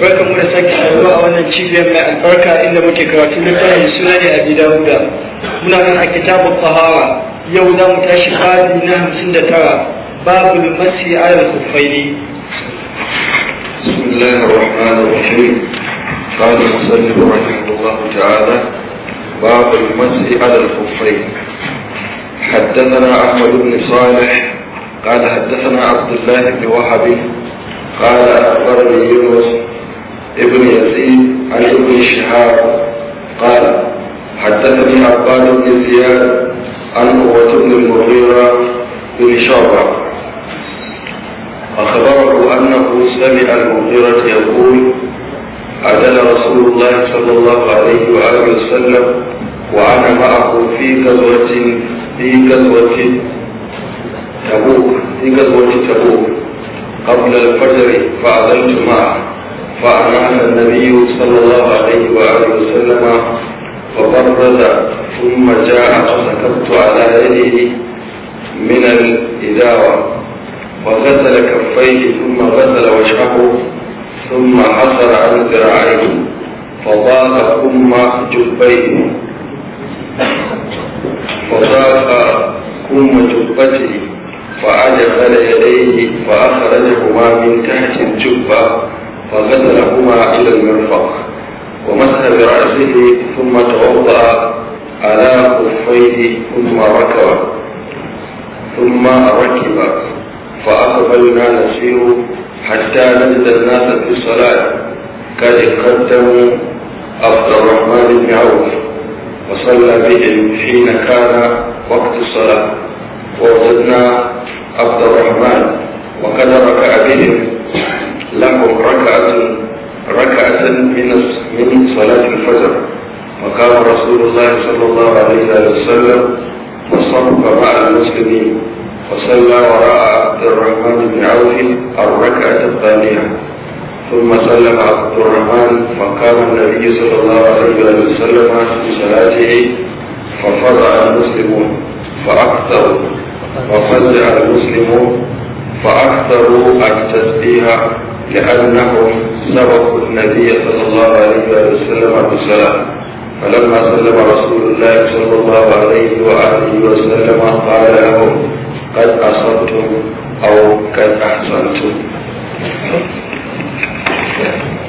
barkan mu da sake saduwa a wannan cibiyar mai albarka inda muke karatu littafin suna ne abi dawuda muna nan a kitabu tahara yau za mu tashi babi na hamsin da tara babu masi ayar kufaini بسم الله الرحمن الرحيم قال المصنف رحمه الله تعالى باب المسح على الخفين حدثنا احمد بن صالح قال حدثنا عبد الله بن وهب قال أخبرني يونس ابن يزيد عن ابن شهاب قال حدثني عباد بن زياد عن قوة بن المغيرة بن شعبة أخبره أنه سمع المغيرة يقول عدل رسول الله صلى الله عليه وآله وسلم وأنا معه في غزوة في غزوة تبوك في غزوة تبوك قبل الفجر فأذنت معه فأنعم النبي صلى الله عليه وآله وسلم فبرز ثم جاء فسكبت على يده من الإداوة وغسل كفيه ثم غسل وجهه ثم حصل عن ذراعيه فضاق كم جبيه فضاق كم جبته فأدخل يديه فأخرجهما من تحت الجبة فغسلهما إلى المرفق ومسح برأسه ثم توضأ على خفيه ثم ركب ثم ركب فأقبلنا نسير حتى نجد الناس في الصلاة قد قدموا عبد الرحمن بن عوف وصلى بهم حين كان وقت الصلاة ووجدنا عبد الرحمن وقد ركع بهم لهم ركعة ركعة من من صلاة الفجر وقام رسول الله صلى الله عليه وسلم وصف مع المسلمين وصلى وراء عبد الرحمن بن عوف الركعة الثانية ثم سلم عبد الرحمن فقام النبي صلى الله عليه وسلم في صلاته ففزع المسلمون فأكثروا وفزع المسلمون فأكثروا التسبيح لأنهم سبقوا النبي صلى الله عليه وسلم بالصلاة فلما سلم رسول الله صلى الله عليه وآله وسلم قال لهم قد أصبتم أو قد أحسنتم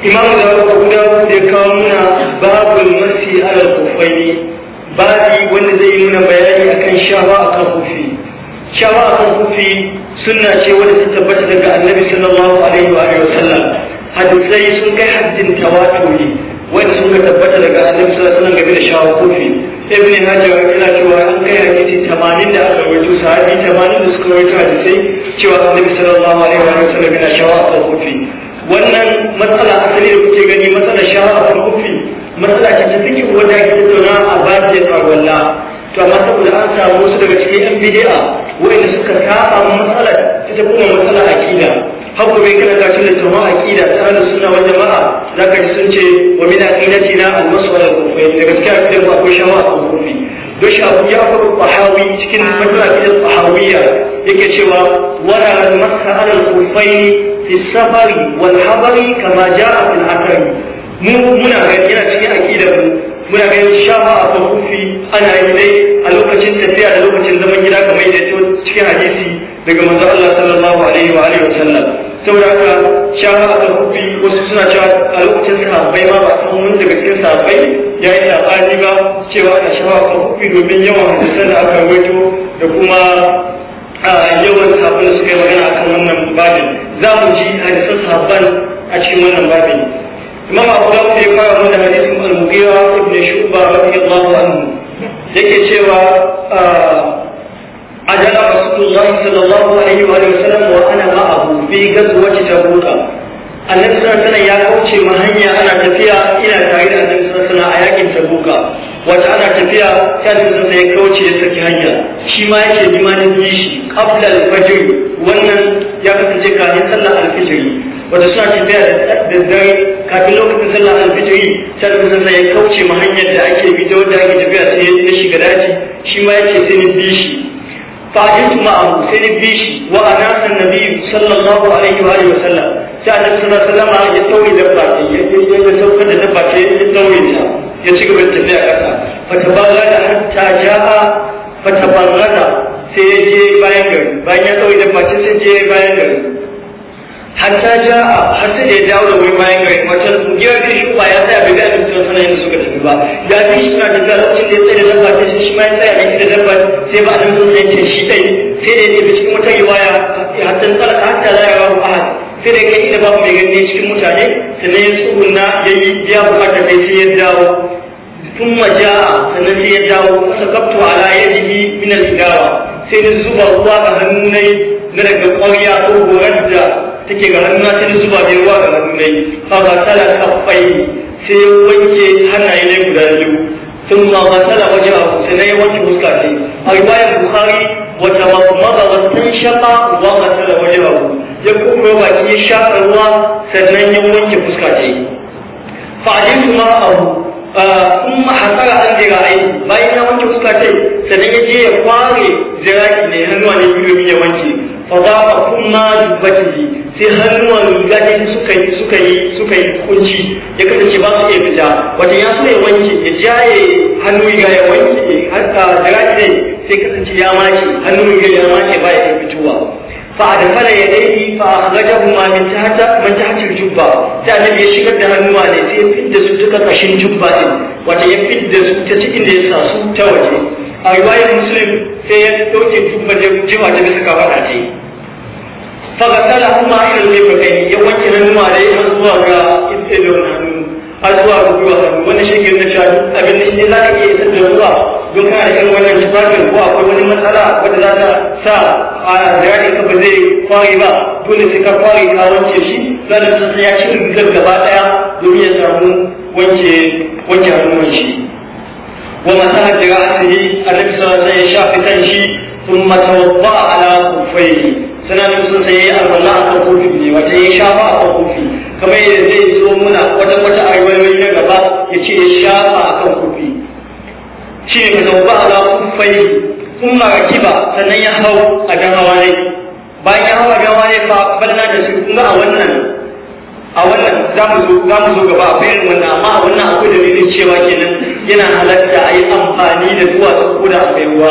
إمام أبو داود يكامنا باب المسي على الكفين بابي wanda zai nuna bayani akan shafa cewa kan kufi suna ce wanda ta tabbata daga annabi sallallahu alaihi wa alihi wasallam hadisai sun kai haddin tawaturi wanda ka tabbata daga annabi sallallahu alaihi wasallam game da kufi ibn hajar yana cewa an kai hadisi 80 da aka rawaito sahabi 80 da suka rawaito hadisai cewa annabi sallallahu alaihi wa alihi wasallam yana shawo kufi wannan matsala asali da kuke gani matsala shawa akan kufi matsala ce ta take wanda ake tattauna a bajin arwallah to amma saboda an samu wasu daga cikin yan bid'a wanda suka saba matsala ita kuma matsala aqida har gobe kana ka cin littafin aqida ta ahlus sunna wal jamaa zaka ji sun ce wa min aqidatina al-masr wal kufi daga cikin aqidar ba ko shawa ko kufi don shafi abu ya faru tahawi cikin fadla aqidar tahawiyya yake cewa "Wa al-mas'al al-kufayn fi safari wal habari kama jaa fil mu muna ga cikin aqidar mu muna ganin shafa a kan ana yi dai a lokacin tafiya da lokacin zaman gida kamar yadda cikin hadisi daga manzo Allah sallallahu alaihi wa alihi wasallam saboda haka shafa a kan wasu suna cewa a lokacin sahabbai ma ba san mun daga cikin sahabbai ya yi sabani ba cewa ana shafa a kan domin yawan hadisan da aka rawaito da kuma a yawan da suka yi magana kan wannan babin za mu ji hadisan sahabban a cikin wannan babin imam abu dawud ya fara mana hadisin al-mughira ibn shuba radiyallahu anhu yake cewa a ah, ajala rasulullahi sallallahu alaihi wa sallam wa ana ma'ahu fi gazwati tabuta annabi sallallahu alaihi ya kauce ma hanya ana tafiya ina tare da annabi sallallahu a yakin tabuka wata ana tafiya ta sallallahu ya kauce ya saki hanya shi ma yake limanin shi qabla al-fajr wannan ya kasance kafin sallar al-fajr wanda suna tafiya da dare kafin lokacin sallah sai da sallah ya kauce ma hanyar da ake bi ta wadda ake tafiya sai ya shiga daji shi ma yace sai ni bi shi ma ma'ahu sai ni bi shi wa san nabi sallallahu alaihi wa alihi wa sallam sai annabi sallallahu alaihi wa sallam ya tauri dabba ce ya ya sauka da dabba baki ya tauri ta ya ci gaba da tafiya kasa fatabarrada hatta ja'a fatabarrada sai ya je bayan gari bayan ya tauri dabba baki sai je bayan gari hatta ja har sai da ya dawo da wuri bayan gari wata giyar da shi ba ya tsaya bai ga abinci wasu nan yadda suka tafi ba ya fi shi suna da lokacin da ya tsaye da dabba ta shi ma ya tsaya na shi da dabba sai ba nan sun ce shi ɗai sai da ya tafi cikin wata riwaya hatta tsala hatta la yawa ba sai da kai da babu mai gani cikin mutane sannan ya tsuguna ya yi ya bukata sai sai ya dawo ثم جاء sannan sai ya dawo sakabtu ala yadihi min al-hidawa sai ni zuba ruwa ga hannu na daga ƙwarya ko goran take ga hannu ta nisu zuba bai wa ga hannu fa ba tala kafai sai wanke hannaye ne guda biyu sun ma ba tala waje a kusa na wanke fuska ce a riwayar bukhari wata makamaba wata shafa ba ba tala waje a ya kuma baki ya shafa ruwa sannan ya wanke fuska ce fa ajin ma abu kuma ah, hasara an jira yi, bayan ya wanke fuska sannan ya je ya kware ziraki ne hannuwa ne biyu ya wanke fa za ka kuma dubbatihi sai hannuwa riga ne suka yi suka yi suka yi kunci ya kasance ba su iya fita wajen ya so ya wanke ya ja jaye hannu riga ya wanke har ka ah, ziraki ne sai kasance ya mace hannu riga ya mace ba ya fitowa فأدخل يديه فأخرجهما من تحت من تحت الجبة تعلم يشكر ده هنوما ne sai fit da su duka kashin jubba din wata ya fit da su ta cikin da ya sa su ta waje a riwayar muslim sai ya dauke jubba da jima ta bisa kafada ce fagasala kuma irin ne bakai ya wanke hannuma da ya zuwa ga itselon hannu a zuwa ga gwiwa hannu wannan shi na cewa abin da shi za ka iya isar da zuwa don kana da irin wannan tufafin ko akwai wani matsala wadda za sa a zirari ka ba zai kwari ba dole sai ka kwari ka wance shi za sun sai ya ci rigar gaba daya domin ya samu wance wance hannun shi wa masaha jira asihi annabi sallallahu alaihi wasallam ya shafi kan shi ala kufai sana da سنة sai ya الولاء a kofi ne wata ya shafa a kofi kamar yadda zai zo muna wata wata ayyuwar na gaba ya ce ya shafa a kan kofi shi ne ka tauba ala kufai sun marakiba sannan ya hau a jan hawa ne bayan ya hau a jan hawa ne fa balla da shi kuma a wannan a wannan za mu zo za mu zo gaba a bayan wannan amma a wannan akwai dalilin cewa kenan yana halatta a yi amfani da ruwa ta koda a kai ruwa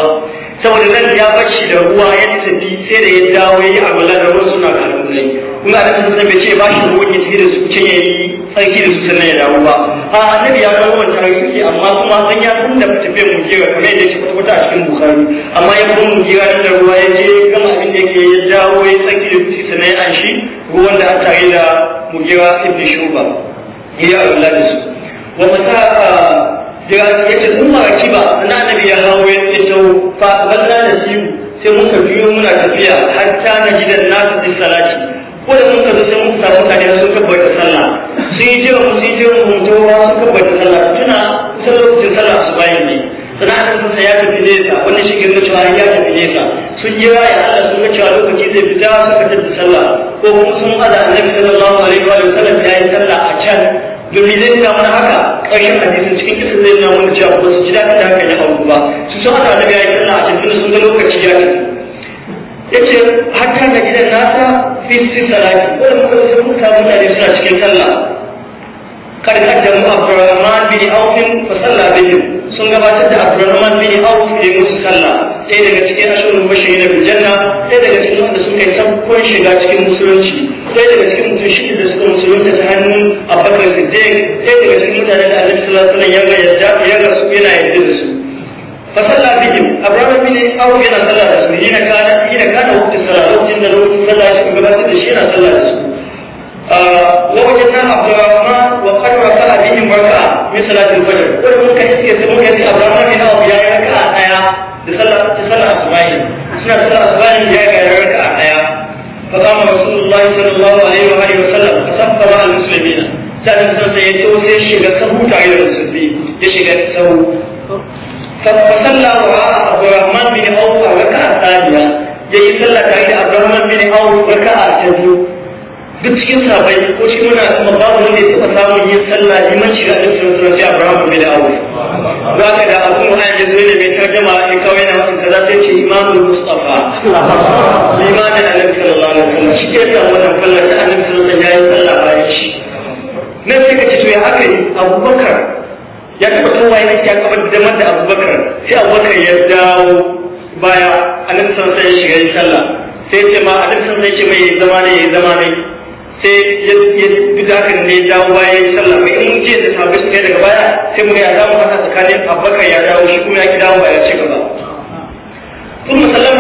saboda nan ya bacci da ruwa ya tafi sai da ya dawo ya yi a da ruwan suna da alƙulai kuma a nan sun bai ce ba shi ruwan ya tafi da su can ya yi sarki da su sannan ya dawo ba a annabi ya zama wanda har yake amma kuma an ya sun da tafiyar mu jira kamar yadda shi kwata a cikin bukari amma ya kuma mu jira da ruwa ya je gama abin da yake ya jawo ya sarki da su na ya shi ruwan da aka yi da mu jira ibn shuba ya Allah da su wa mata jira ya ce kuma rakiba na annabi ya hawo ya tawo fa balla da shi sai muka biyo muna tafiya hatta na gidan nasu da salati ko da mun kazo sai mun samu mutane sun tabbata sallah sun yi jiya sun yi jiya mun tawa sun tabbata sallah tuna sun lokacin sallah su bayan ne sana'ar sun ya tafi nesa wani shi girma cewa ya tafi nesa sun yi ya Allah sun ga cewa lokaci zai fita suka tafi sallah ko kuma sun ada annabi sallallahu alaihi wa sallam ya yi sallah a can domin zai nuna mana haka ƙarshen hadisin cikin kisan zai nuna mana cewa ba su ji daɗin da haka ya hau ba su san ada annabi ya yi sallah a can tun sun ga lokaci ya tafi yace hatta da gidan nasa fi su salati wanda muka sai muka mutane suna cikin sallah kar kaddamu Abdurrahman bin Auf fa salla bihim sun gabatar da Abdurrahman bin Auf da musu sallah sai daga cikin ashurul bashirin da janna sai daga cikin wanda suka yi sabon shiga cikin musulunci sai daga cikin mutum shi da suka musulunta ta hannun Abubakar Siddiq sai daga cikin mutanen da Annabi sallallahu alaihi wasallam ya ga yarda ya ga su yana yarda da su a bihim abraham bin aw yana sallah da su yana kana yana kana waktin sallah lokacin da lokacin sallah shi gabatar da shi yana sallah da su ah, wa wajadna abdurrahman wa qad rafa'a bihim raka'a min salatil fajr ko mun kai suke sai mun kai abraham bin aw ya yi raka'a da sallah da sallah asubahi suna da sallah asubahi ya yi raka'a daya fa qama rasulullahi sallallahu alaihi wa wa ya shiga ya shiga فصلى وراء عبد الرحمن بن عوف ركعة ثانية yayi sallah tare da Abdurrahman bin Auf raka'a ta biyu duk cikin sahabbai ko shi muna kuma babu wanda ya taba samun yin sallah liman shi da dukkan sunan sai Abdurrahman bin Auf za ka da abu an yi zuwa mai tarjama in kawai na wannan kaza sai ce Imamul Mustafa limamin Annabi sallallahu alaihi wasallam shi ke da wannan sallah ta Annabi ya yi shi haka Abubakar ya ake ya ya kabar da abubakar sai abubakar ya dawo baya annabi sallallahu alaihi ya shiga sallah sai ce ma nan san sai ce mai zama ne ya zama ne sai ya bidakan ne dawo baya ya sallah mai in ce da sabbin kai daga baya sai mu ya zamu haka tsakanin abubakar ya dawo shi kuma ya ki dawo ya ce gaba ثم سلم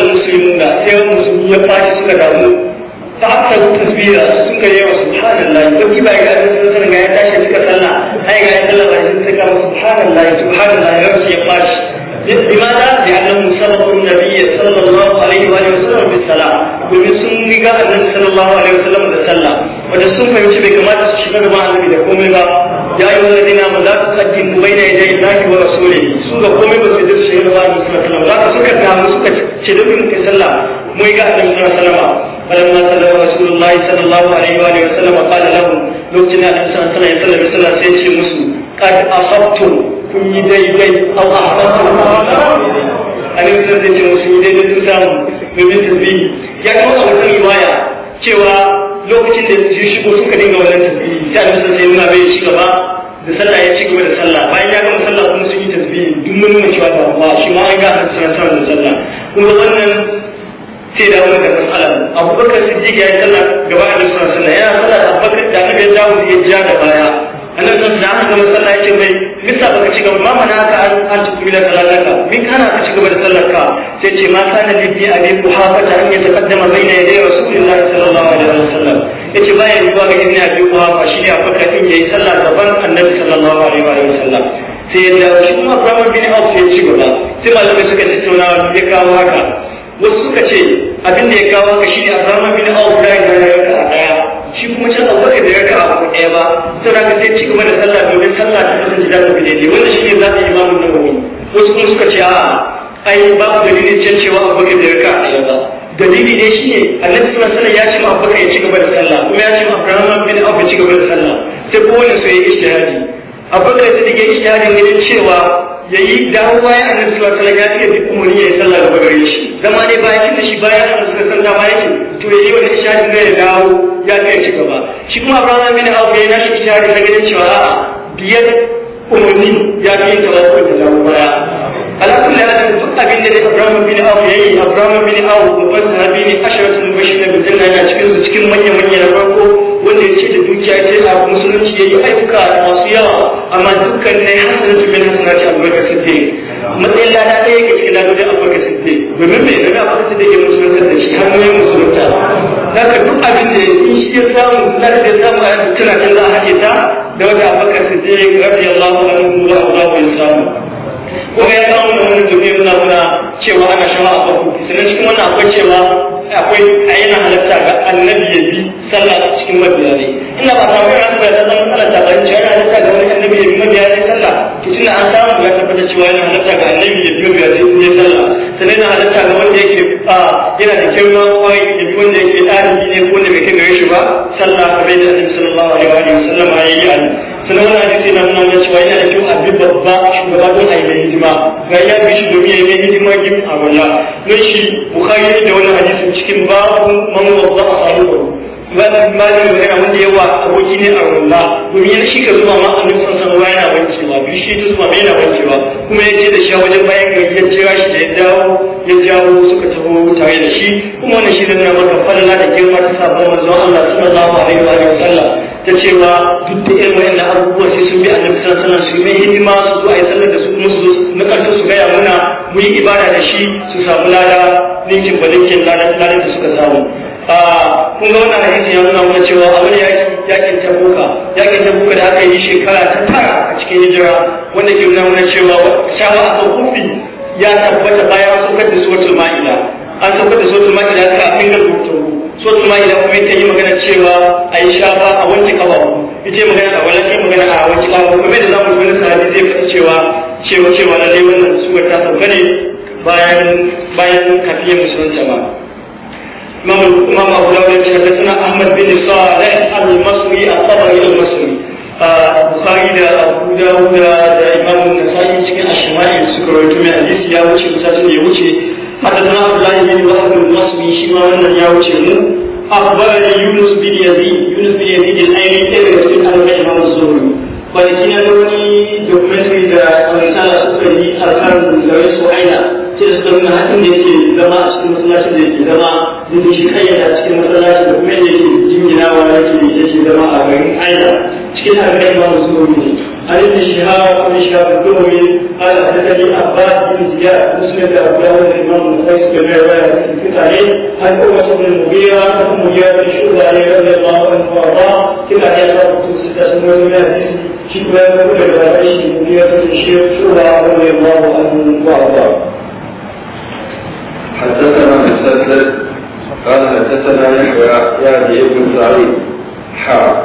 المسلمون سيوم مسلمون يفاشي سكا fa haka tasbiya sun kai yawa subhanallah to ki ba ga sun sun ga ya tashi suka salla ai ga ya salla ba sun suka subhanallah subhanallah ya ce fashi لماذا؟ لأنهم سبقوا النبي صلى الله عليه وآله وسلم بالصلاة domin sun riga annabi sallallahu alaihi wasallam da sallah wanda sun fahimci bai kamata su shiga gaban annabi da komai ba ya yi wani dina mu za ta tsakin bai na yadda ilahi wa rasuli su ga komai ba su dirce yin wani suna salama za ka suka damu suka ce da bin kai sallah mu yi ga annabi suna salama falamma sallama rasulullahi sallallahu alaihi wa wa sallam qala lahum lokacin da annabi sallallahu alaihi wa sallam sallah sai ce musu qad asabtum kun yi daidai aw ahsantum annabi sallallahu alaihi wa sallam sai ce a riwaya cewa lokacin da ya shigo suka dinga wannan tasbihi sai annabi sai yana bai ci gaba da sallah ya ci gaba da sallah bayan ya gama sallah kuma sun yi tasbihi duk mun nuna cewa da ba shi ma an ga an san sallah sallah kuma wannan sai da wani da matsala abubakar siddiq ya yi sallah gaba da sallah sallah yana sallah abubakar da annabi ya dawo ya ja da baya annabi sun da aka gama sallah yace mai bisa baka ci gaba ma mana ka an an ci bila salataka min kana ka ci gaba da sallar ka sai ce ma kana ne ku hafa ta an yataqaddama baina yaday yace ba ya ba ga ibn abi ba shi ya faka in yayi sallah daban annabi sallallahu alaihi wa sallam sai ya shi kuma Abraham bin Auf ya ci gaba sai malamai suka tattauna ya kawo haka wasu suka ce abin da ya kawo haka shine Abraham bin Auf da ya raka a daya shi kuma can Abubakar da ya raka a abu daya ba sai ka sai ci gaba da sallah domin sallah ta kasance za ta fi daidai wanda shine za ta yi imamu Nawawi wasu kuma suka ce a ai babu dalilin can cewa Abubakar da ya raka a daya ba dalili shi ne annabi sallallahu alaihi ya ce ma ya ci gaba da sallah kuma ya ce ma abraham bin auf ya ci gaba da sallah sai kowane su yayi ijtihadi abubakar sai dake ijtihadin wajen cewa yayi dawowa ya annabi sallallahu alaihi ya ce duk umarni ya yi sallah gaba gare shi zama ne bayan kin da shi bayan annabi sallallahu alaihi ma yake to yayi wannan ijtihadin da ya dawo ya kai ci gaba shi kuma abraham bin ya yi nashi ijtihadin da ganin cewa a'a biyar umarni ya fi yin tawakkul da dawo baya alakul da alaƙin duk abin da abrahamu bin awu ya yi abrahamu bin awu babban sahabi ne ashirar sun bashi na bin janna yana cikin su cikin manya-manya na farko wanda ya ce da dukiya ce a musulunci ya yi aikuka masu yawa amma dukkan ne hasanatu min hasanati abubakar siddiq matsayin lada ɗaya yake cikin ladodin abubakar siddiq domin me domin abubakar siddiq ke musulunta da shi har ne musulunta haka duk abin da in shi ya samu ladar da ya samu a tana can za a haɗe ta da wata abubakar siddiq radiyallahu anhu wa Allah ya samu kuma ya samu da wani domin yana muna cewa ana shawa a farko sannan cikin wannan akwai cewa akwai a yana halatta ga annabi ya bi sallah cikin mabiya ne ina ba samu yana tabbata ta zama halatta ba cewa yana halatta ga wani annabi ya bi mabiya ne sallah to da an samu ya tabbata cewa yana halatta ga annabi ya bi mabiya ne sallah sannan yana halatta ga wanda yake yana da kyau na kwai ya bi wanda yake ɗalibi ne ko ne mai kai gare shi ba sallah kamar yadda annabi sallallahu alaihi wa sallam ya yi sannan wani hadisi na nuna cewa yana da kyau a bi babba shugaba don a yi da hidima ga ya bi shi domin ya yi hidima yin a wala don shi bukari ne da wani hadisin cikin babu mamuwa babba a samu da malin magana wanda yawa aboki ne a wala domin ya shi ka zuwa ma a nufin san ruwa yana wancewa bi shi ta zuwa yana wancewa kuma ya ce da shi a wajen bayan ga ya jira shi da ya dawo ya jawo suka taho tare da shi kuma wannan shi zai nuna maka falala da girma ta sabon manzon Allah sallallahu alaihi wa sallam ta cewa duk da irin wayannan abubuwa sai sun bi annabi sallallahu alaihi wasallam su mai hidima su zo a yi sallar da su kuma su na karfi su gaya muna mu yi ibada da shi su samu lada ninkin ba ninkin lada da suka samu ah, kun ga wannan hadisi ya nuna mana cewa abin yaki yakin tabuka yakin tabuka da aka yi shekara ta tara a cikin hijira wanda ke nuna mana cewa shawa a kufi ya tabbata bayan sokar da suratul ma'ida an sokar da suratul ta kafin da rubutu so su ma idan kuma ta yi magana cewa a yi shafa a wanke kafa ita magana a wani magana a wanke kafa kuma da zamu wani sahabi zai faɗi cewa cewa cewa lalle wannan suwar ta sauka ne bayan bayan kafiyar musulunta ba imam imam abu dawud ya ce hadathana ahmad bin salih al-masri a tabari al-masri bukhari da abu dawud da imam an-nasa'i cikin ashma'i suka rawaito mai hadisi ya wuce mutacin ya wuce hadathana abdullah bin wahab al-masri shi ma wannan ya wuce mu أخبرني يونس بن يزيد يونس بن يزيد الأيلي كبير في الأربع إمام الزهري فلكن أدوني دوكمنتري دا رسالة سكري أركان زوي سعيدة تستمع حتم يكي زما أشكي مسلاش يكي زما يكي خيّة أشكي مسلاش دوكمنتري يكي جمينا ولا يكي يكي زما أربعين أيضا أشكي الأربع إمام الزهري عن ابن شهاب عن شهاب الدهري قال حدثني عباس بن زياد مسلم ابو داود الامام النسائي بن روايه الكتابي عن اوس بن المغيرة عن مجاهد الشهداء رضي الله عنه وارضاه كما هي صفحة 96 من الحديث شكرا عيش المغيرة مغيرة الشيخ شهداء رضي الله عنه وارضاه. حدثنا مسدد قال حدثنا يحيى يعني ابن سعيد حا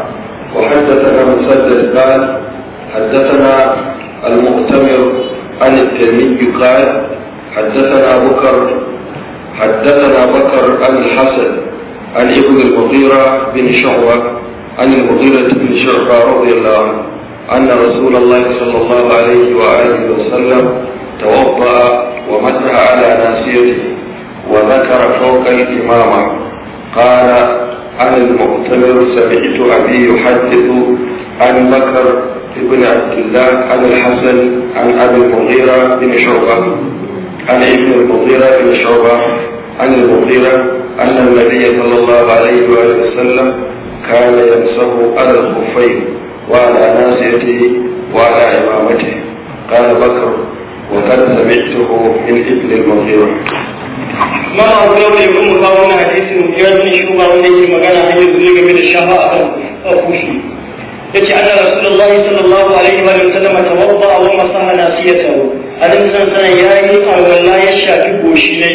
وحدثنا مسدد قال حدثنا المؤتمر عن الترمذي قال حدثنا بكر حدثنا بكر عن الحسن عن ابن المغيرة بن شعبة عن المغيرة بن شعبة رضي الله عنه أن رسول الله صلى الله عليه وآله وسلم توضأ ومسح على ناصيته وذكر فوق الإمامة قال عن المؤتمر سمعت أبي يحدث عن بكر ابن عبد الله عن الحسن عن أبي المغيرة بن شعبة عن ابن المغيرة بن شعبة عن المغيرة أن النبي صلى الله عليه وآله وسلم كان ينصب على الخفين وعلى ناصيته وعلى إمامته قال بكر وقد سمعته من ابن المغيرة ما أقول لكم هذا حديث مجرد شوبة ولكن مجانا أن يبلغ من الشهاء yace anna rasulullah sallallahu alaihi wa sallam tawadda wa masaha nasiyatahu adam san sanan yayi alwala ya shafi goshi ne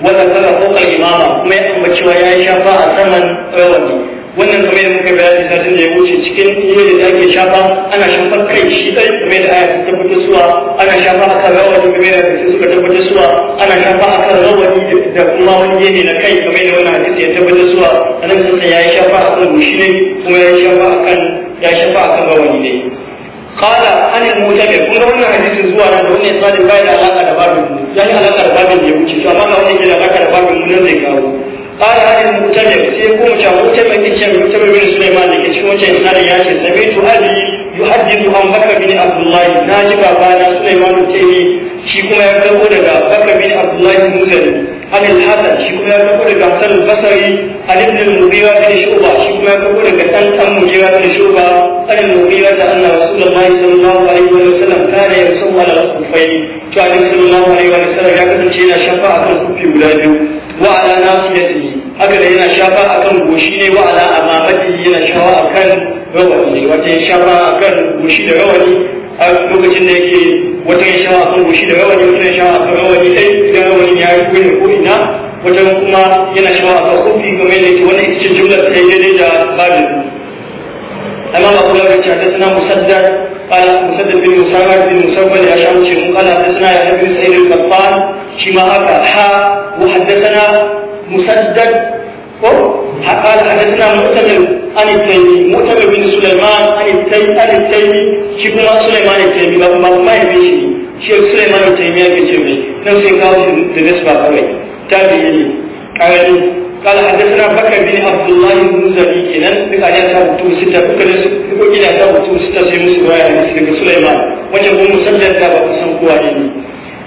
wanda kaga fawqa imama kuma ya ambaci wa yayi shafa a saman rawani wannan kamar yadda muka bayani satin da ya wuce cikin yayin da ake shafa ana shafa kai shi dai kamar da aya ta fito suwa ana shafa akan rawani kamar da sai suka tabbata suwa ana shafa akan rawani da kuma wani gene na kai kamar da wani hadisi ya tabbata suwa annabi sallallahu alaihi wa sallam yayi shafa akan goshi ne kuma yayi shafa akan ya shafa a kan gawani ne qala an al-mutabir kun ga wannan hadisin zuwa nan da wannan tsarin bai da alaka da babin mu yayi alaka da babin da ya wuce to amma ga wannan ke da alaka da babin mu nan zai kawo قال هذا المتبع سيكون متبع كتشم متبع بن سليمان لكي تكون تنسان ياشي سمعت أبي يحدث عن بكر بن عبد الله ناجب أبانا سليمان التيمي شيكما يبدأ لك بكر بن عبد الله المزني عن الحسن شيكما يبدأ لك حسن البصري عن ابن المغيرة بن شعبة شيكما يبدأ لك أنت مغيرة بن شعبة عن المغيرة أن رسول الله صلى الله عليه وسلم كان يصوم على الخفين كان صلى الله عليه وسلم يكتب شيئا شفاعة الخف ولاده وعلى ناصيته هكذا هنا شفاعة غشيني وعلى أمامته هنا شفاعة كان rawani wata ya shafa a kan gushi da rawani a lokacin da yake wata ya shafa a kan gushi da rawani wata ya shafa a kan rawani sai idan rawani ya yi ko ina wata kuma yana shafa a kan kofi kamar yadda yake wannan ita ce ta yi daidai da babin الإمام أبو داود حدثنا مسدد قال مسدد بن مسامر بن مسبل أشعم شيخ قال حدثنا يحيى بن سعيد القطان شيما هكا حا وحدثنا مسدد قال حدثنا مؤتمر عن التيمي مؤتمر بن سليمان عن التيمي عن التيمي شيخ سليمان التيمي ما ما يبيش شيخ سليمان التيمي يبيش نفسه قال في النسبة قوي تابعيني قال قال حدثنا بكر بن عبد الله بن زبي كنان دكا يا تابو تو ستا بكر سكو كده تابو تو ستا سي مسو سليمان وجه بن مسدد تابو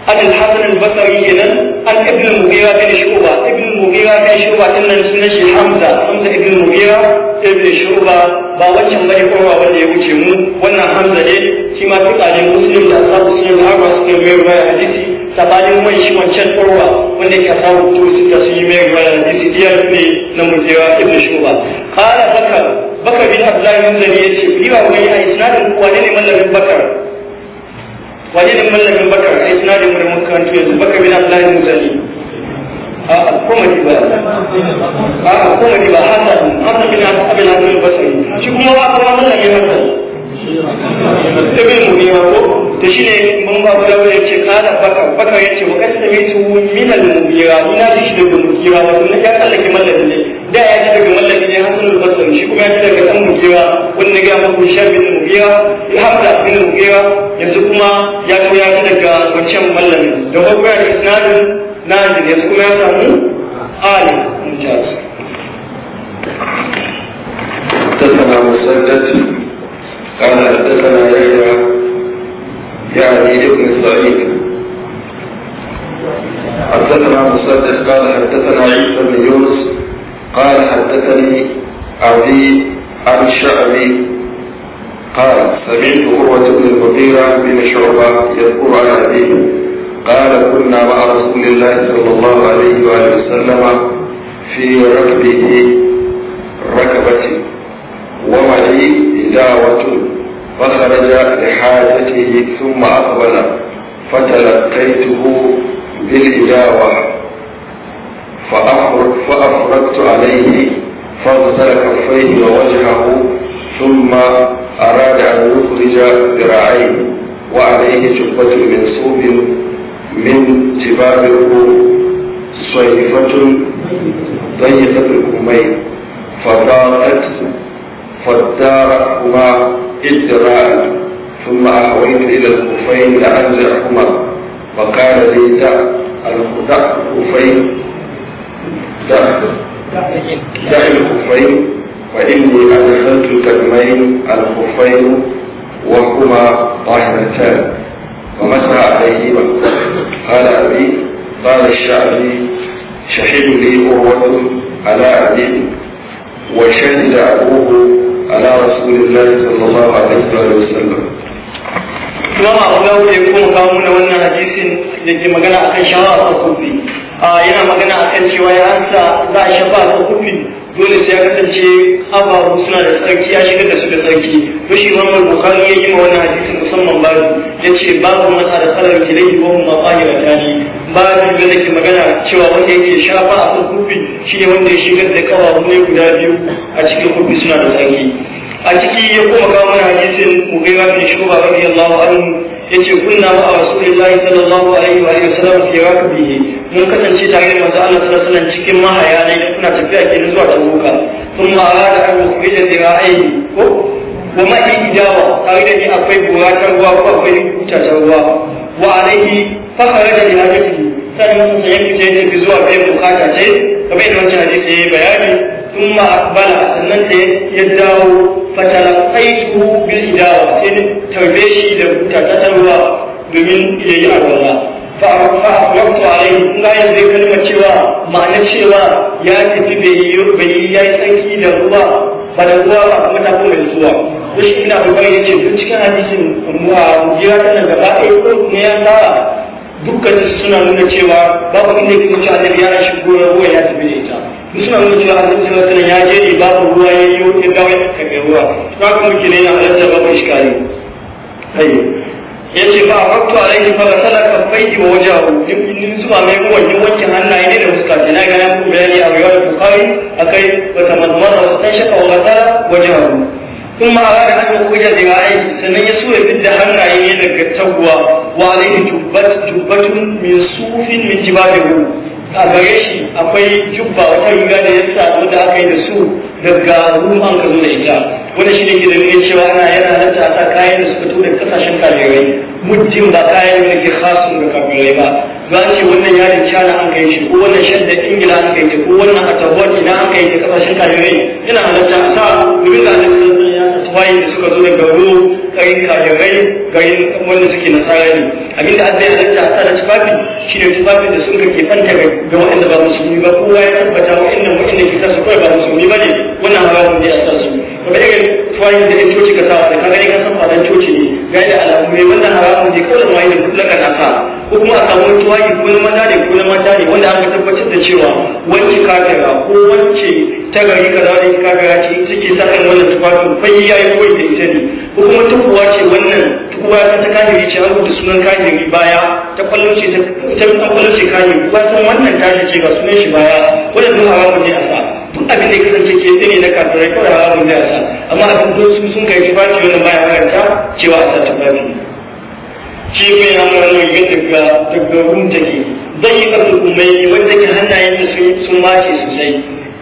عن الحسن البصري كنان عن ابن المغيرة بن شعبة ابن المغيرة بن شعبة كنا سنن حمزة حمزة ابن المغيرة ابن شعبة ba wancan bane kowa wanda ya wuce mu wannan hamza ne shi ma tuka ne muslim da sabu sunan sabanin mai shi wancan tsarwa wanda ya samu to suka su yi mai gwada da isidiyar ne na mujewa ibn shuba kala bakar bakar bin abdullahi bin zari ya ce yi ba wani a isnadin wane ne mallamin bakar wane ne mallamin bakar a isnadin mu da mun yanzu bakar bin abdullahi bin zari a'a kuma di ba a'a kuma di ba hasan hasan bin abdullahi bin ba shi kuma ba kuma mallamin hasan ibn munima ko to shine mun ba da wani yace kana baka bakar yace wa kad samitu min al mugira ina da shi daga mugira wato na ya kallake mallaki ne da ya ji daga mallaki ne hasanul basri shi kuma ya ji daga san mugira wanda ga mu shabin mugira ya hamda bin mugira yanzu kuma ya to ya ji daga wancan mallami da kuma ya isnadin na yanzu kuma ya samu ali mujahid تسمع مسدتي قال حدثنا يحيى يعني ابن سعيد حدثنا مصدق قال حدثنا عيسى بن يونس قال حدثني عدي عن الشعبي قال سمعت عروة بن المغيرة بن شعبة يذكر عن أبيه قال كنا مع رسول الله صلى الله عليه وآله وسلم في ركبه ركبة ومعي دعوته فخرج لحاجته ثم أقبل فتلقيته بالإجاوة فأفرقت عليه فاغسل كفيه ووجهه ثم أراد أن يخرج ذراعيه وعليه جبة من صوب من جبابه صيفة ضيقة الكمين فضاقت فاداركما إجراء ثم أهويت إلى الكوفين لأنزعهما فقال لي دع الخدع دع الكوفين فإني أدخلت كلمين الخفين وهما طاهرتان ومسح عليهما قال أبي قال الشعبي شهد لي قوة على أبي وشهد أبوه على رسول الله صلى الله عليه وسلم kuma Abu Dawud wuce kuma kawo mana wannan hadisin da ke magana akan shawara ta kufi. yana magana akan cewa ya ansa za a shafa ta kufi dole sai ya kasance ababu suna da tsarki ya shiga da su da tsarki. Rushin Imam bukari ya yi ma wannan hadisin musamman babu. Ya ce babu man arsalahu ilayhi wa huma Ba babu da ke magana cewa wanda yake shafa a kan shi shine wanda ya shigar da kawawu ne guda biyu a cikin kufi suna da tsarki. a ciki ya kuma kawo mana hadisin mughira bin shuba radiyallahu anhu yace kunna ma rasulullahi sallallahu alaihi wa alihi wasallam fi biye. mun kasance tare da manzo Allah sallallahu alaihi cikin mahaya ne kuna tafiya kenan zuwa tabuka kuma arada an yukhrijat aiki, ko wa ma'i ijawa tare da akwai buratar ruwa ko akwai tutatar ruwa wa alaihi fakara da ilajati sannan sa yanki ce ne zuwa bai bukata ce kamar yadda wancan hadisi ya yi ya yi أقبل Fa يدعو فتلقيته بالإداوة سن تربيشي لو تتتلوى بمن إليه أولا فأخرجت عليه لا يزي كلمة شوى معنى شوى يا تبي بي يا سنكي لروا فلروا متى كل الزوا sai ina kokari yace binciken hadisin wa mujira tana gaba ɗaya ko ne ya sa dukkanin suna nuna cewa babu inda ke wuce annabi ya rashi goyon ruwa ya tafi da ita duk suna nuna cewa annabi sallallahu alaihi ya je babu ruwa ya yi wata dawo ya kaga ruwa to haka muke ne na halatta babu iskari ayyo yace fa waqtu alaihi fa sala kaffaihi wa wajahu in zuwa mai kuma yin wanke hannaye ne da fuska ta na ga bayani a riwayat bukhari akai wa tamadmara wa tashaka wa ghasala wajahu Kuma a da ya أراد ya يخرج ذراعيه سنن يسوع بد هنعي يدك التقوى وعليه mai sufin من صوف da جباله a gare shi akwai jubba wata riga da ya sa da aka yi da su daga ruwan ka zo da ita wanda shi ne ke da nuna cewa ana yana halatta a sa kayan da suka tura daga kasashen kabirai muddin ba kayan da ke khasun ga kabirai ba za ce wannan yarin cana an kai shi ko wannan shan da ingila an kai ko wannan a tabbat ina an kai ta kasashen kabirai yana halatta a sa domin da kwayi da suka zo daga wuro kayin kajirai kayin wanda suke nasara ne abinda an zai halatta a tsara tufafi shi ne tufafin da sun ka ke fanta ga waɗanda ba musulmi ba kowa ya tabbata waɗannan waɗanda ke sa su kawai ba musulmi ba ne wannan haramun ne a sa su ba da irin tufafin da yin coci ka sa wa da ka gani ka san fadan coci ne ga yi da alamu ne wannan haramun ne kawai da yi da ka na sa ko kuma a samu tuwaki ko na maza ne ko na mata ne wanda aka tabbatar da cewa wance kafira ko wance ta gari kaza kakara kafira ce ita ke sakan kan wannan tufafin fayya ya kawai da ita ne ko kuma tukuwa ce wannan tukuwa ta ta kafiri ce an rubuta sunan kafiri baya ta kwallo ce ta ta kwallo ce kafiri san wannan ta ce ga sunan shi baya wannan duk haramun ne a sa duk abin da ya kasance ke ne na kafirai kawai haramun ne a sa amma abin da su sun kai ce wannan baya karanta cewa a sa tufafi shi mai hannun ya daga daga wurin take zai yi ƙarfi umai wanda ke hannayen sun mace sosai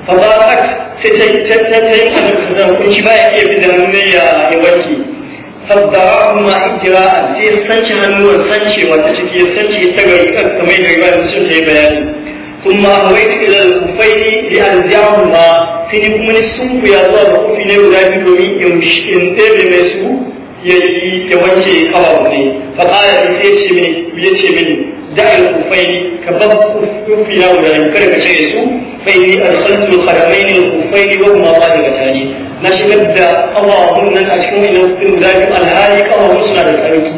fa ba kat sai ta ta ta ta yi annabi da hukunci ba ya iya bi da hannu ya ya wanke a kuma ikira a sai sanci hannuwan sanci wata ciki ya sanci ta gari kan kamar da riba da sun ta yi bayani kuma hawai da ilal kufaini da alziyahu ma sai ni kuma ni sun kuya zuwa da kufi ne guda biyu domin in ɗebe mai su ya yi ya wanke kawar ne fa qala sai ya ce mini ya ce mini da'al kufaini ka bar na guda biyu kada ka cire su fa inni arsaltu al-qadamaini al-kufaini wa huma qadimatani na shigar da kafafun nan a cikin wannan kufin guda biyu alhali kafafun suna da tsarki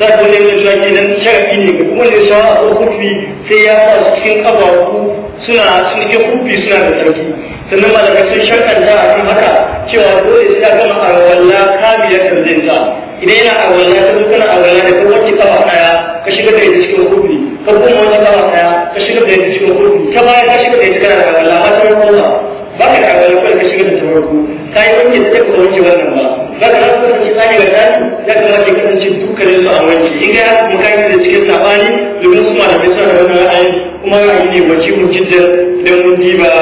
za ka wani yanzu ya ke nan sharafi ne ga kuma da shawa a kufi sai ya sa cikin kafafu suna cikin kufi suna da tsarki sannan malamai sun shakanta a kan haka cewa dole sai ka gama arwalla kamiyar tarzinta idan yana arwalla ta dukkan arwalla da kuma wacce kafa daya ka shiga da ita cikin hukumi ka kuma wata kafa daya ka shiga da ita cikin hukumi ta baya ka shiga da ita kana arwalla ba ta rarraba ba ka da arwalla kawai ka shiga da ta ka yi wanke ta ka wanke wannan ba za ka rasa kasance tsani ga tsani ya kamata ya kasance dukkanin su a wanke in ga kuma ka yi da cikin sabani domin su malamai suna da wani ra'ayi kuma ra'ayi ne wajibi jiddan don mun diba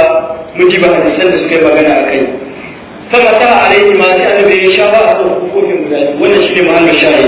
muji ba hadisan da suka yi magana a kai sama ta alaihi ma sai annabi ya ba a kan hukumin guda biyu wannan shine muhammad shahi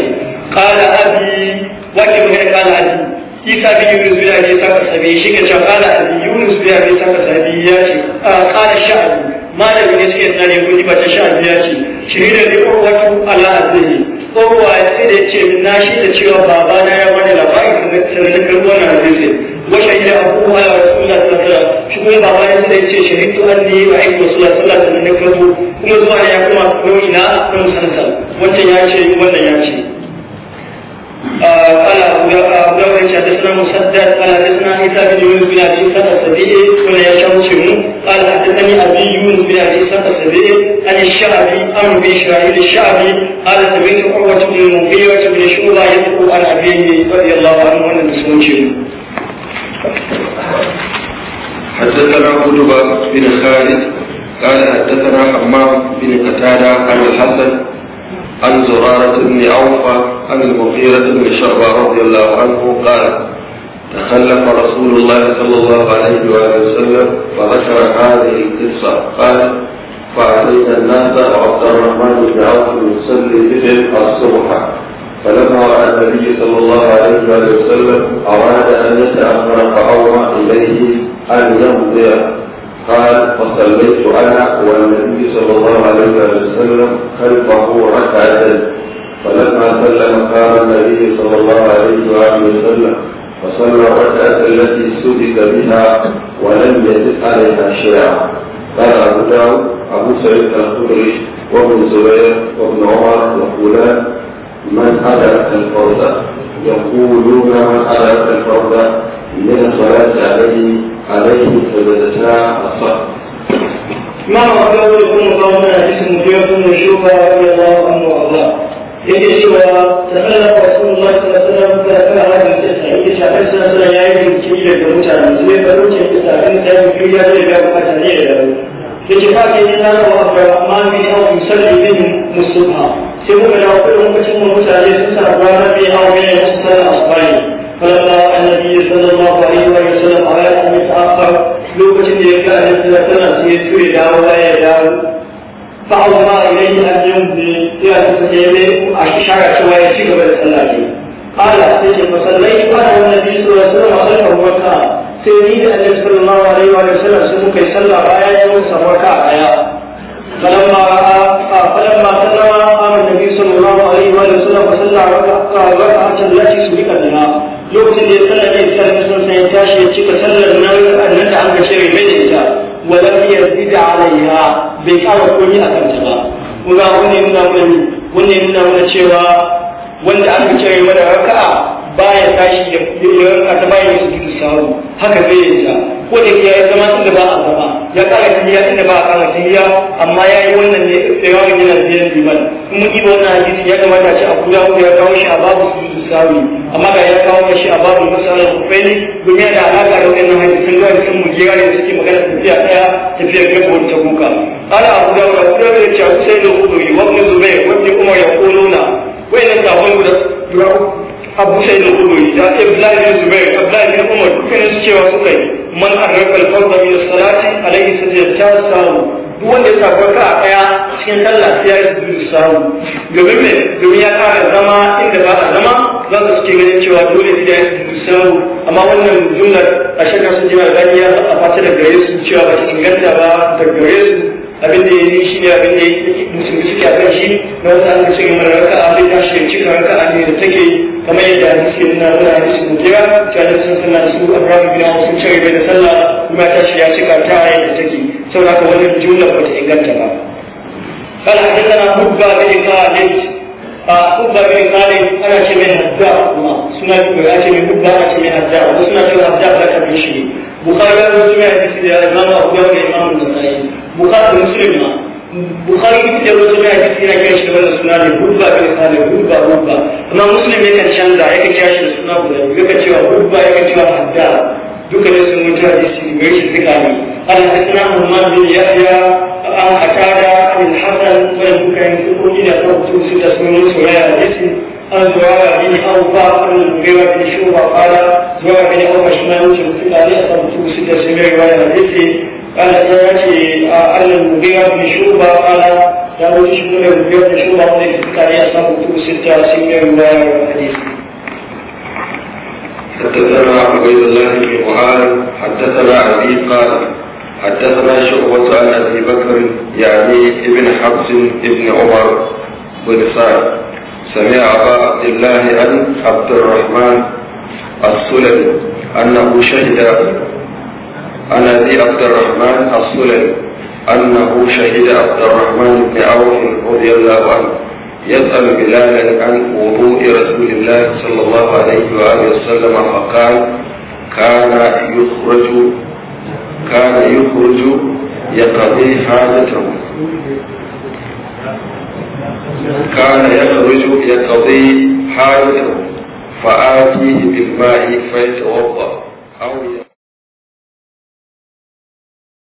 qala abi wa ke magana kala abi isa bin yunus bin abi saka sabi shi ke cewa kala abi yunus bin abi saka sabi ya ce kala qala sha'abi malami ne suke tsare muji ba ta sha'abi ya ce shi da ne urwatu allah azihi urwa sai da ce na shi da cewa babana ya bani labarin sanar da karbuwa na hadisi wa shahida abu ala rasulullah wasallam shi kuma ba bayan sai ce shahidu anni wa aiki rasulullah sallallahu alaihi wasallam kuma zuwa ne ya kuma koyi na kan sansa wancan ya ce wannan ya ce قال أبو داود حدثنا مسدد قال حدثنا عيسى بن يونس بن أبي إسحاق السبيعي قال يشاء قال حدثني أبي يونس بن أبي إسحاق السبيعي عن الشعبي أمر بن إسرائيل الشعبي قال سمعت عروة بن المغيرة بن شعبة يذكر عن أبيه رضي الله عنه أن المسلمين حدثنا قتبة بن خالد قال حدثنا حمام بن قتادة عن الحسن عن زرارة بن عوف عن المغيرة بن شعبة رضي الله عنه قال تخلف رسول الله صلى الله عليه وآله وسلم فذكر هذه القصة قال فأتينا الناس وعبد الرحمن بن عوف يصلي بهم الصبح فلما راى النبي صلى الله عليه وسلم اراد ان يتاخر فاوى اليه قال له ضياء قال فصليت انا والنبي صلى الله عليه وسلم خلفه ركعتين فلما سلم قال النبي صلى الله عليه وآله وسلم فصلى الركعة التي سبق بها ولم يزد عليها شيئا قال أبو داود أبو سعيد الخدري وابن زبير وابن عمر يقولان من أدرك الفرد يقولون من أدرك الفرد من الصلاة عليه عليه فبدتا الصح ما وقال يكون قومنا اسم جوف وشوفا رضي الله عنه وارضاه يجي سوى تخلف رسول الله صلى الله عليه وسلم ثلاثة على من تسعة يجي شعبان صلى الله عليه وسلم يعيد من كبيرة بمتعة زوية فلوجة تسعة من تسعة من كبيرة بمتعة بمتعة يجي فاكي إنسان وأفضل أمام من أو يصلي بهم مصبها سيبوك لو كل مكتب من متعة يسنسى أبوانا بها ومن يسنسى أصبعين فلما راى النبي صلى الله عليه وسلم على ان يتاخر لوكشن يلقى ان يتاخر سيسوي داو لا يداو فاوصى اليه ان يمضي الى تسليمه اشار شوى يشيك بالصلاه قال سيدي فصليت انا والنبي صلى الله عليه وسلم وصلى وكان سيدي النبي صلى الله عليه وسلم سمك يصلى رايا يوم سمكا رايا فلما راى فلما سلم قام النبي صلى الله عليه وسلم وصلى ركعه التي سبقت بها lokacin da ya sallar da isa da sun sai tashi ya cika sallar nan nan da an ka cire mai da ita wala bi yazida alaiha bai kawo komai a ta ba kuma wannan nuna mana ne nuna mana cewa wanda an aka mai mana raka'a baya tashi da yawan ta baya yin sujudu sahu haka zai yi sa ko da ya zama inda ba a zama ya kara tahiyya inda ba a kara tahiyya amma ya yi wannan ne tsayawar yana biyan liman kuma ibo wannan hadisi ya kamata a kuda da ya kawo shi a babu sujudu sahu amma ga ya kawo shi a babu masalar kufaili domin yana da alaƙa da wannan hadisin da sun mujera da suke magana tafiya ɗaya tafiyar gaba wata kuka قال أبو داود أبو داود يقول سيد الخضري وابن الزبير وابن عمر يقولون وإن التعاون guda abu shaid al-khudri da abdullahi bin zubair abdullahi bin umar dukkanin su cewa suka yi man arrafa al min as-salati alayhi sajdatun sawu duk wanda ya tafi ka a daya cikin sallah sai ya yi sujudu sawu domin me domin ya fara zama inda ba a zama za su suke ganin cewa dole sai ya yi sujudu sawu amma wannan jumlar a shakka sun jima da ya a fata da gare su cewa ba ta inganta ba da gare su abin da ya yi shi ne abin da ya yi musulmi suke a kan shi na wata an cikin raka a bai ta shi cikin raka a ne da take kamar yadda hadisi na zuwa hadisi ko kira cewa da sun sanna su a rabu bin wasu cire bai da sallah kuma ta shi ya ci karta a yadda take saboda haka wannan jumla ba ta inganta ba kana haddana hubba bin khalid a hubba bin khalid ana ce mai a kuma suna ko ya ce mai hubba ana ce mai a wasu suna cewa hadda ba ta ne. bukhari ya zo cewa hadisi da ya zama abu da imamu da sai bukhari muslim ma bukhari duk da wasu mai hadisi ya kiran shi da wannan suna ne gurba da misali gurba gurba amma muslim kan canza yakan kira shi da suna guda biyu ka cewa gurba yakan cewa hadda duka ne sun mutu hadisi ne mai shi zika ne an hasana muhammad bin yahya an hatada an hasan wani duka yin kuɗi da kuma mutum su da sun mutu ya yi hadisi an zuwa bin aufa an gaiwa bin shuba fara zuwa bin aufa shi ma mutum su da ne a kan mutum su da sun gaiwa hadisi قال يأتي آه، قال ستة حدثنا عبيد الله بن معاذ حدثنا ابي قال حدثنا شعبة عن ابي بكر يعني ابن حفص ابن عمر بن سعد سمع ابا عبد الله عن عبد الرحمن السلمي انه شهد عن ابي عبد الرحمن السلمي انه شهد عبد الرحمن بن عوف رضي الله عنه يسال بلالا عن وضوء رسول الله صلى الله عليه واله وسلم فقال كان يخرج كان يخرج يقضي حاجته كان يخرج يقضي حاجته فآتيه بالماء فيتوضأ أو